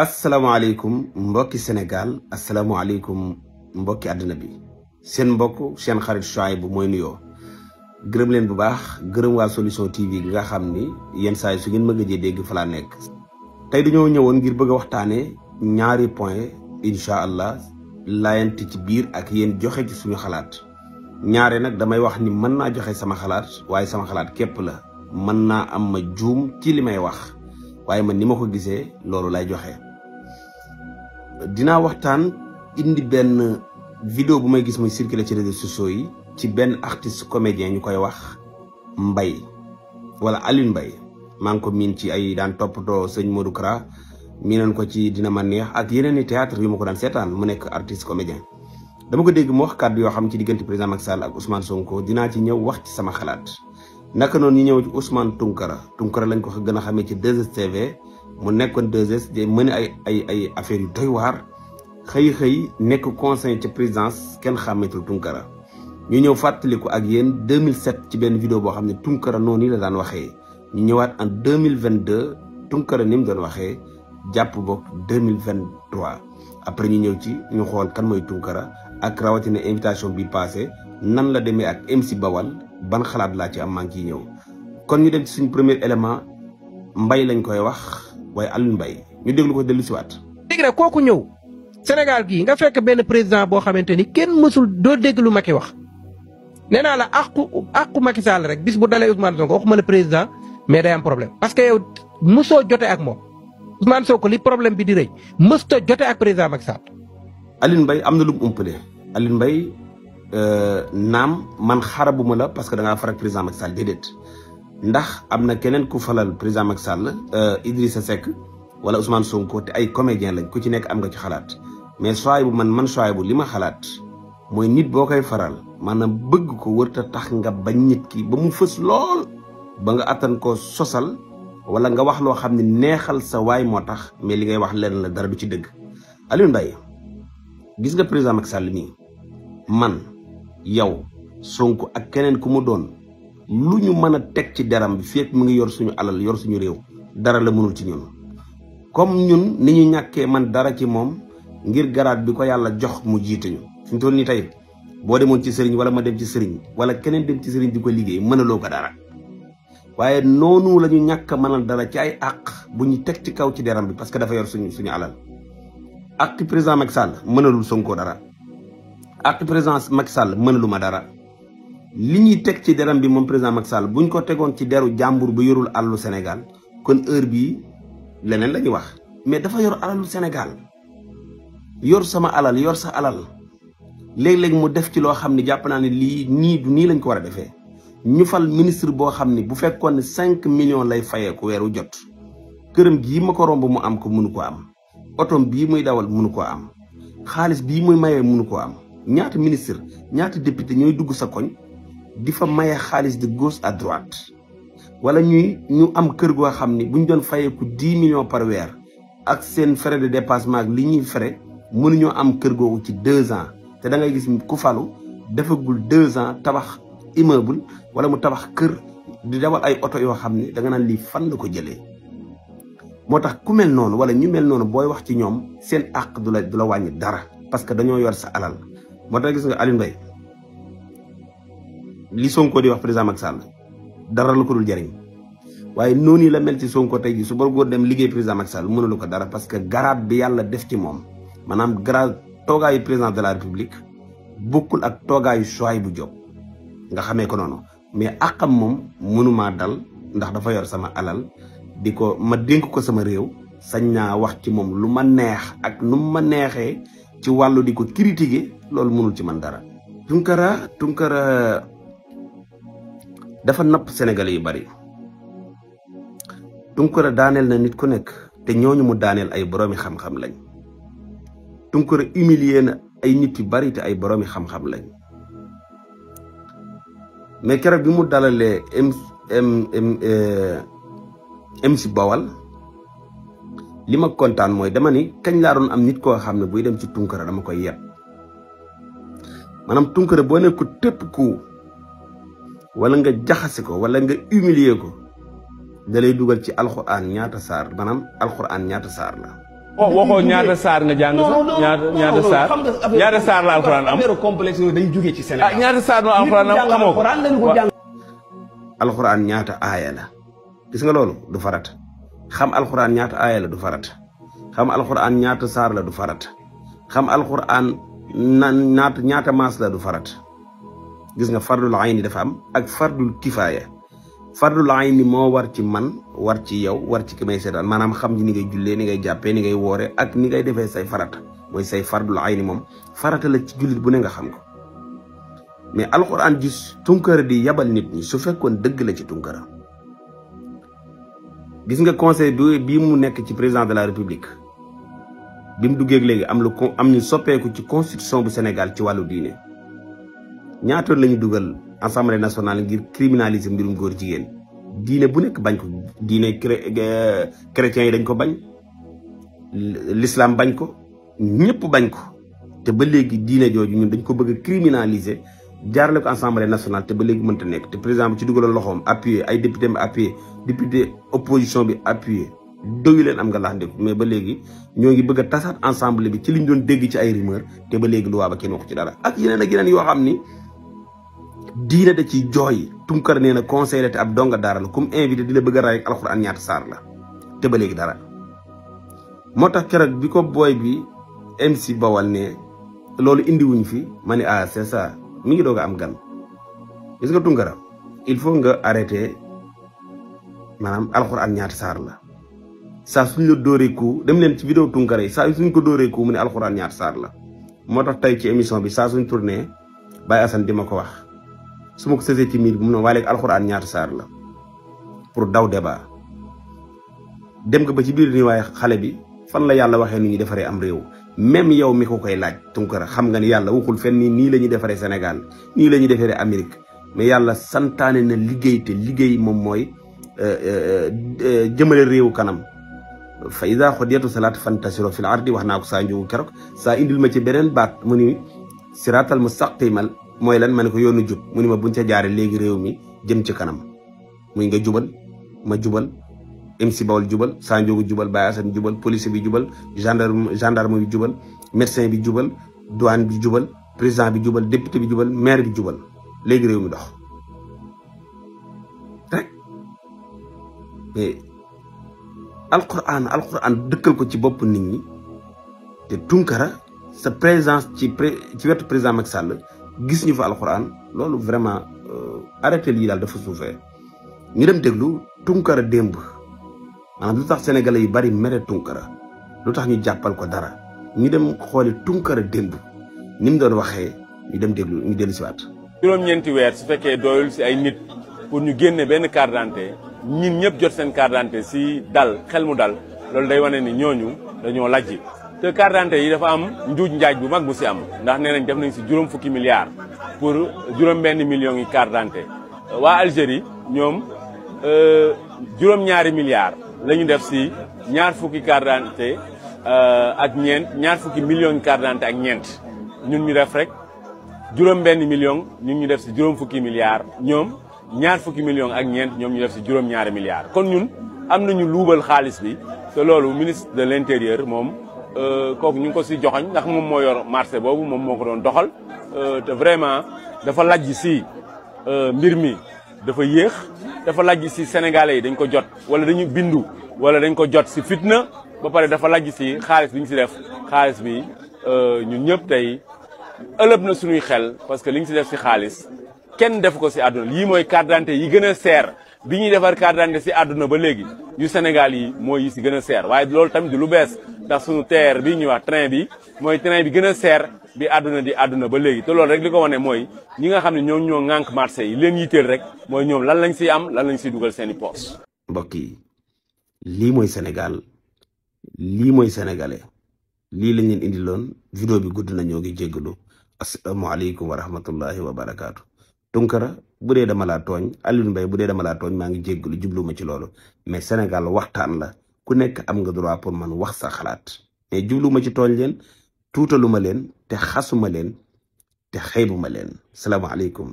asalaamaaleykum mbokki Sénégal asalaamaaleykum mbokki àddina bi seen mbokk seen xarit bu mooy nuyoo gërëm leen bu baax gërëm waa solution TV bi nga xam ni yenn saa su ngeen mëgg a dégg fa laa nekk. tey dañoo ñëwoon ngir bëgg a waxtaanee ñaari point incha allah laayante ci biir ak yéen joxe ci suñu xalaat ñaare nag damay wax ni mën naa joxe sama xalaat waaye sama xalaat képp la mën naa am ma juum ci li may wax. waaye man ni ma ko gisee loolu lay joxe dinaa waxtaan indi benn vidéo bu may gis muy circuler ci réseaux sociaux yi ci benn artiste comédien ñu koy wax Mbaye wala Alioune Mbaye maa ngi ko miin ci ay daan toppatoo sëñ Modou Kara miinoon ko ci dina ma neex ak yeneen i théâtre yu ma ko daan seetaan mu nekk artiste comédien dama ko dégg mu wax kàddu yoo xam ci diggante président Macky Sall ak Ousmane Sonko dinaa ci ñëw wax ci sama xalaat naka noonu ñu ñëw ci Ousmane Tounkara Tounkara lañ ko gën a xamee ci 2STV mu nekkoon 2S di mën ay ay ay affaires yu doy waar xëy xëy nekk conseil ci présidence kenn xàmmeetul Tounkara ñu ñëw fàttaliku ak yéen 2007 ci benn vidéo boo xam ne Tounkara noonu la daan waxee ñu ñëwaat en 2022 Tounkara ni mu doon waxee jàpp book deux mille vingt trois après ñu ñëw ci ñu xool kan mooy Tunkara ak rawatine invitation bi passé nan la demee ak MC Bawal ban xalaat laa ci am maa ngi ciy ñëw. kon ñu dem ci suñ premier élément mbay lañ koy wax waaye Alioune mbay ñu déglu ko dellu si waat. léegi nag kooku ñëw Sénégal gii nga fekk benn président boo xamante ni kenn mësul doo dégg lu wax nee naa la àqu àqu Macky Sall rek bis bu dalee Ousmane Sonko waxuma la président mais day am problème parce que yow mësoo jote ak moom. Ousmane Sonko li problème bi di reuy mësta joté ak président Macky Sall. Aline Mbaye amna lu umpelé Aline Mbaye euh, nam man xarabuma la parce que da nga faral président Macky Sall dedet ndax amna kenen ku falal président Macky Sall euh, Idrissa Seck wala Ousmane Sonko té ay comédien lañ ku ci nek am nga ci xalat mais sooy bu man man sooy bu lima xalat moy nit bokay faral man bëgg ko wërta tax nga bañ nit ki ba mu fess lool ba nga atane ko sosal. wala nga wax loo xam ne neexal sa waay moo tax mais li ngay wax leen la dara du ci dëgg Aliou Mbaye gis nga président Macky Sall nii man yow Sonko ak keneen ku mu doon lu ñu mën a teg ci deram bi fekk mu ngi yor suñu alal yor suñu réew dara la mënul ci ñun comme ñun ni ñu ñàkkee man dara ci moom ngir garaat bi ko yàlla jox mu jiite ñu fi toll nii tey boo demoon ci sëriñ wala ma dem ci sëriñ wala keneen dem ci sëriñ di ko liggéey mënaloo ko dara waye nonu lañu ñu manal dara ci ay ak bu ñu teg ci kaw ci deram bi parce que dafa yor suñu suñu alal ak président Macky Sall mënalul Sonko dara ak président Macky Sall mënalu ma dara li ñuy teg ci deram bi mom président Macky Sall buñ ko tegoon ci deru jambour bu yorul alalu Sénégal kon heure bi leneen lañu wax mais dafa yor alalu Sénégal yor sama alal yor sa alal leg leg mu def ci lo xamni japp na ni li ni du ni lañ ko wara ñu fal ministre boo xam ni bu fekkoon ne cinq millions lay fayeeku weeru jot këram gii ma ko romb mu am ko mënu ko am otom bii muy dawal mënu ko am xaalis bii muy mayee mënu koo am ñaata ministre ñaata député ñooy dugg sa koñ di fa maye xaalis de gauche à droite wala ñuy ñu am kër goo xam ni buñ doon fayeeku dix millions par weer ak seen frais de dépassement ñuy frais mënuñoo am kër googu ci deux ans te da ngay gis ku falu defagul deux ans tabax immeuble wala mu tabax kër di dawal ay oto yoo xam ne danga nga naan lii fan la ko jëlee moo tax ku mel noonu wala ñu mel noonu booy wax ci ñoom seen àq du la du la wàññi dara parce que dañoo yor sa alal moo tax gis nga Alioune Mbaye li Sonko di wax président Macky Sall dara la ko dul jariñ waaye noonu la mel ci Sonko tey jii su bëggoon dem liggéey président Macky Sall mënulu ko dara parce que garaat bi yàlla def ci moom maanaam garaat toogaayu président de la république bokkul ak toogaayu bu Diop nga xamé ko noonu mais akam mom mënumaa dal ndax dafa yor sama alal diko ma denk ko sama rew sañ wax ci mom luma neex ak numa neexé ci walu diko critiquer loolu mënul ci man dara Tunkara Tunkara dafa nap Sénégalais yu bari Tunkara daanel na nit ku nek te ñooñu mu daanel ay boromi xam-xam lañ Tunkara humilier na ay nit yu bari te ay boromi xam-xam lañ mais keroog bi mu dalalee M M MC eh, Bawal li ma kontaan mooy dama ni kañ laa doon am nit koo xam ne buy dem ci tunkara dama koy yeb maanaam tunkara boo nekk ko tépp ku wala nga jaxase ko wala nga humilier ko da dugal ci alxuraan ñaata saar maanaam alxuraan ñaata saar la. Oh, waxoo ñaata saar nga jàng sax ñaata ñaata saar ñaata la alxuraan am affaire complexe jóge ci Sénégal ah ñaata saar la alxuraan am xamoo ko alxuraan ñaata aaya la nga loolu du farata xam alxuraan ñaata aaya la du farata xam alxuraan ñaata saar la du farat xam alxuraan na ñaata ñaata la du farata gis nga fardul ayni ak fardu kifaaya fardu laay ni moo war ci man war ci yow war ci ki may seetaan maanaam xam ni ngay jullee ni ngay jàppee ni ngay woore ak ni ngay defee say farat mooy say fardu laay ni moom farata la ci jullit bu ne nga xam ko mais alxuraan ji tunkara di yabal nit ñi su fekkoon dëgg la ci tunkara gis nga conseil bi bii mu nekk ci président de la république bi mu duggee léegi am lu am ñu soppeeku ci constitution bu Sénégal ci wàllu diine ñaatoon lañu dugal assemblée nationale ngir criminaliser mbirum góor jigéen diine bu nekk bañ ko diine chrétiens yi dañ ko bañ l'islam bañ ko ñëpp bañ ko te ba léegi diine jooju ñun dañ ko bëgg a criminaliser jaarale ko assemblée nationale te ba léegi mënta nekk te par bi ci dugaloon loxoom appuyé ay député am appuyé député opposition bi appuyé doyu am nga laax ndéku mais ba léegi ñoo ngi bëgg a tasaat ensemble bi ci luñ doon dégg ci ay rumeur te ba léegi lu waa ba ci dara ak yeneen ak yoo xam ni diine da ciy jooy Tunkar nee na conseiller te ab donga daara la comme invité di la bëgg a raay ak alxuraan ñaata saar la te ba léegi dara moo tax keroog bi ko booy bi MC Bawal ne loolu indiwuñ fi ma ne ah c'est ça mi ngi doog a am gan gis nga Tunkara il faut nga arrêté maanaam alxuraan ñaata saar la saa suñ la dem leen ci vidéo Tunkara yi saa suñ ko dóoree mu ne alxuraan ñaata saar la moo tax tey ci émission bi saa suñ tourné Baye Assane di ma ko wax su ma ko sësee ci miir bi mu ne waaye léegi alxuraan ñaata saar la pour daw deba dem nga ba ci biir ni waaye xale bi fan la yàlla waxee ni ñuy defaree am réew même yow mi ko koy laaj Tunkara xam nga ni yàlla waxul fenn nii nii la ñuy defaree Sénégal nii la ñuy defaree Amérique mais yàlla santaane na liggéey te liggéey moom mooy euh, euh, euh, jëmale réew kanam fa ida xodiyatu salaat fantasiro fil di wax naa ko saa njogu keroog sa indil ma ci beneen baat mu ni siraatal mustaqimal mooy lan ma ne ko yoonu jub mu ni ma buñ ca jaare léegi réew mi jëm ci kanam muy nga jubal ma jubal MC Bawol jubal Sanjogu jubal Baye Assane jubal police bi jubal gendarme bi jubal médecin bi jubal douane bi jubal président bi jubal député bi jubal maire bi jubal léegi réew mi dox rek mais alquran alquran dëkkal ko ci bopp nit ñi te tunkara sa présence ci pré ci wetu président Macky Sall gis ñu fa alxuraan loolu vraiment euh, arrêté lii daal dafa suufee ñu dem déglu Tunkara démb maanaam lu tax sénégalais yi bari mere Tunkara lu tax ñu jàppal ko dara ñu dem xooli Tunkara démb ni mu doon waxee ñu dem déglu ñu dellu si waat juróom-ñeenti weer su fekkee doyul si ay nit pour ñu génnee benn carte d'identité ñin ñëpp jot seen carte d'identité si dal xel mu dal loolu day wane ni ñooñu dañoo lajji te carte yi dafa am njuj njaaj bu mag bu si am ndax nee def nañ ci juróom fukki milliard pour juróom benn million yi carte d'identité waa Algérie ñoom euh, juróom ñaari milliard lañu def si ñaar fukki carte d'identité euh, ak ñeent ñaar fukki million carte d'identité ak ñeent ñun ñu def rek juróom benn million ñun ñu def si juróom fukki milliard ñoom ñaar fukki million ak ñeent ñoom ñu def si juróom ñaari milliard kon ñun am nañu luubal xaalis bi te loolu ministre de l'intérieur moom Euh, kooku ñu ngi ko si joxoñ ndax moom moo yor marché boobu moom moo ko doon doxal euh, te vraiment dafa lajj si euh, mbir mi dafa yéex dafa lajj si sénégalais yi dañ ko jot wala dañu bindu wala dañ ko jot si fitna ba pare dafa lajj si xaalis bi ñu si def xaalis bi ñu ñëpp tey ëlëb na suñuy xel parce que li ñu si def si xaalis kenn def ko si àdduna lii mooy carte d'identité yi gën a seer biñu défar carte d'identité si aduna ba légui yu Sénégal yi moy yi ci gëna sér seer lool tam lu suñu TER bi ñu wax train bi moy train bi gëna sér bi aduna di aduna ba Tolol té lool rek liko wone moy ñi nga xamni ñoo ñoo ngank marché yi leen yitteel rek moy ñom lan lañ ci am lan lañ ci dugal seen poste mbokk yi moy mooy Sénégal li moy sénégalais li lañ leen indiloon vidéo bi gudd na ñoo ngi assalamu alaykum wa rahmatullahi wa barakatuh Tunkara bu dee dama laa tooñ Aliou Mbaye bu dee dama laa tooñ maa ngi jéggalu jubluma ci loolu mais Sénégal waxtaan la ku nekk am nga droit pour man wax sa xalaat mais jubluma ci tooñ leen tuutaluma leen te xasuma leen te xeebuma leen salaamaaleykum